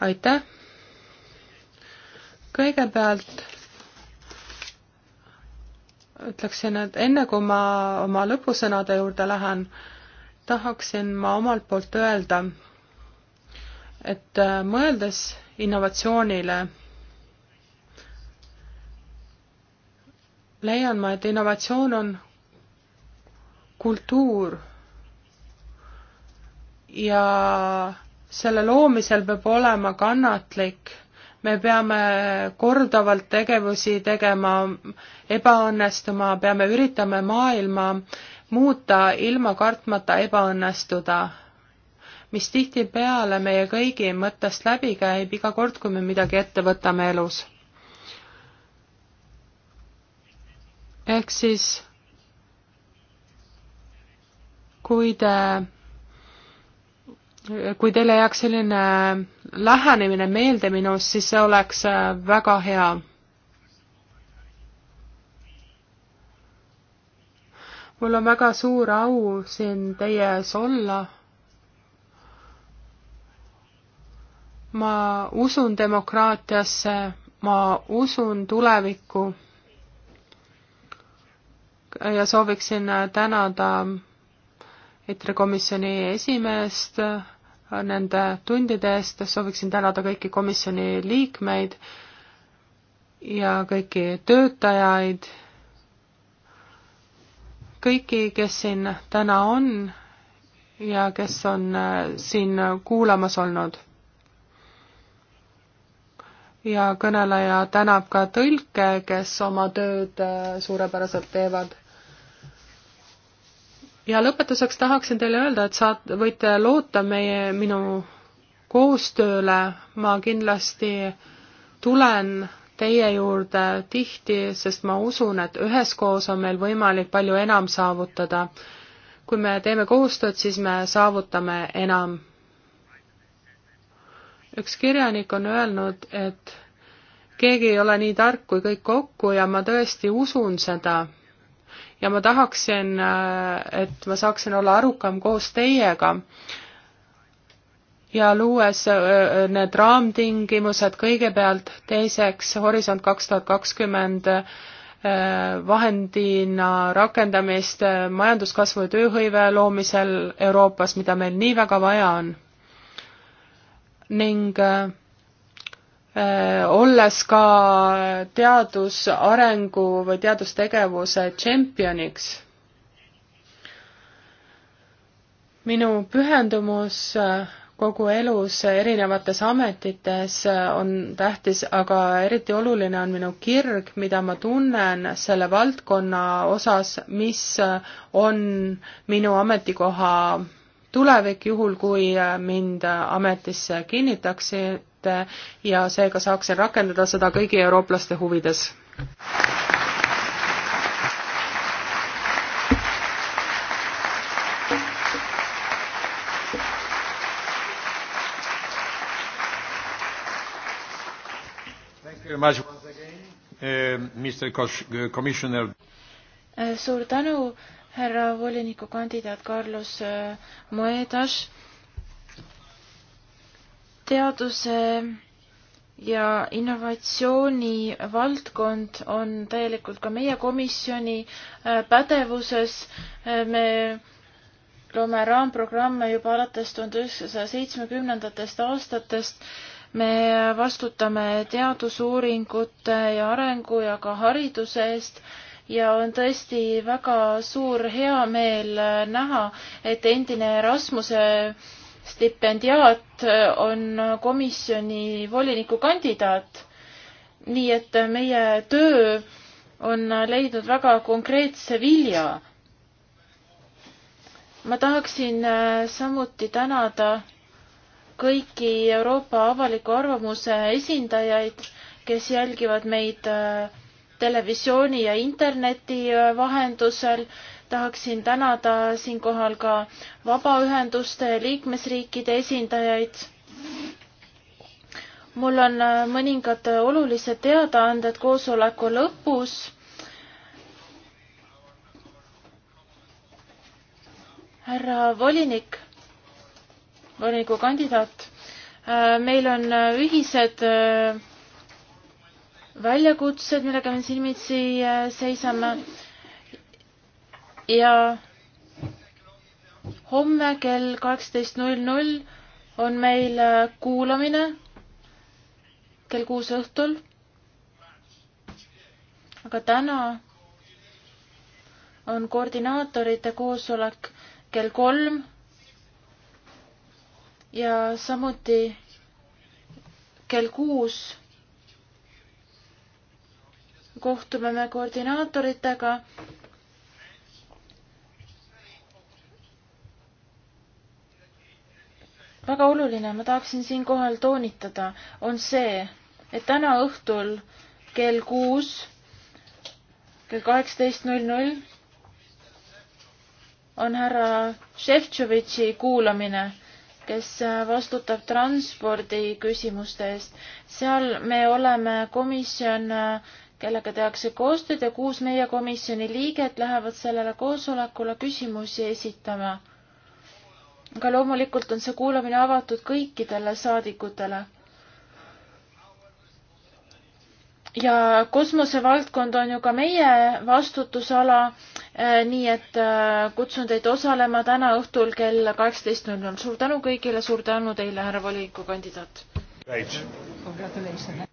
aitäh! kõigepealt ütleksin, et enne kui ma oma lõpusõnade juurde lähen, tahaksin ma omalt poolt öelda, et äh, mõeldes innovatsioonile, leian ma, et innovatsioon on kultuur ja selle loomisel peab olema kannatlik. me peame korduvalt tegevusi tegema, ebaõnnestuma, peame üritama maailma muuta ilma kartmata ebaõnnestuda, mis tihtipeale meie kõigi mõttest läbi käib iga kord, kui me midagi ette võtame elus. ehk siis kui te kui teile jääks selline äh, lähenemine meelde minust, siis see oleks äh, väga hea. mul on väga suur au siin teie ees olla. ma usun demokraatiasse, ma usun tulevikku ja sooviksin äh, tänada ETRE komisjoni esimeest nende tundide eest, sooviksin tänada kõiki komisjoni liikmeid ja kõiki töötajaid, kõiki, kes siin täna on ja kes on äh, siin kuulamas olnud. ja kõneleja tänab ka tõlke, kes oma tööd äh, suurepäraselt teevad ja lõpetuseks tahaksin teile öelda, et saat-, võite loota meie, minu koostööle, ma kindlasti tulen teie juurde tihti, sest ma usun, et üheskoos on meil võimalik palju enam saavutada. kui me teeme koostööd, siis me saavutame enam. üks kirjanik on öelnud, et keegi ei ole nii tark kui kõik kokku ja ma tõesti usun seda ja ma tahaksin, äh, et ma saaksin olla arukam koos teiega ja luues äh, äh, need raamtingimused kõigepealt, teiseks Horisont kaks tuhat kakskümmend vahendina rakendamist majanduskasvu ja tööhõive loomisel Euroopas, mida meil nii väga vaja on. ning Äh, olles ka teadusarengu või teadustegevuse tšempioniks. minu pühendumus äh, kogu elus erinevates ametites äh, on tähtis, aga eriti oluline on minu kirg, mida ma tunnen selle valdkonna osas, mis on minu ametikoha tulevik, juhul kui äh, mind äh, ametisse kinnitaksite ja seega saaksin rakendada seda kõigi eurooplaste huvides. Uh, uh, äh, suur tänu härra volinikukandidaat Carlos äh, Moedas. teaduse ja innovatsiooni valdkond on täielikult ka meie komisjoni äh, pädevuses. Äh, me loome raamprogramme juba alates tuhande üheksasaja seitsmekümnendatest aastatest. me vastutame teadusuuringute ja arengu ja ka hariduse eest ja on tõesti väga suur heameel näha, et endine Rasmuse stipendiaat on komisjoni volinikukandidaat. nii et meie töö on leidnud väga konkreetse vilja. ma tahaksin samuti tänada kõiki Euroopa avaliku arvamuse esindajaid, kes jälgivad meid äh, televisiooni ja interneti äh, vahendusel. tahaksin tänada siinkohal ka vabaühenduste liikmesriikide esindajaid. mul on äh, mõningad äh, olulised teadaanded koosoleku lõpus. härra volinik, volinikukandidaat, meil on ühised väljakutsed, millega me silmitsi äh, seisame. ja homme kell kaksteist null null on meil äh, kuulamine kell kuus õhtul. aga täna on koordinaatorite koosolek kell kolm ja samuti kell kuus kohtume me koordinaatoritega. väga oluline, ma tahaksin siinkohal toonitada, on see, et täna õhtul kell kuus, kell kaheksateist null null on härra Šeftšovitši kuulamine, kes vastutab transpordi küsimuste eest. seal me oleme komisjon kellega tehakse koostööd ja kuus meie komisjoni liiget lähevad sellele koosolekule küsimusi esitama. aga loomulikult on see kuulamine avatud kõikidele saadikutele. ja kosmosevaldkond on ju ka meie vastutusala, eh, nii et eh, kutsun teid osalema täna õhtul kell kaheksateist null null. suur tänu kõigile, suur tänu teile, härra volikogu kandidaat! Right. Congratulations.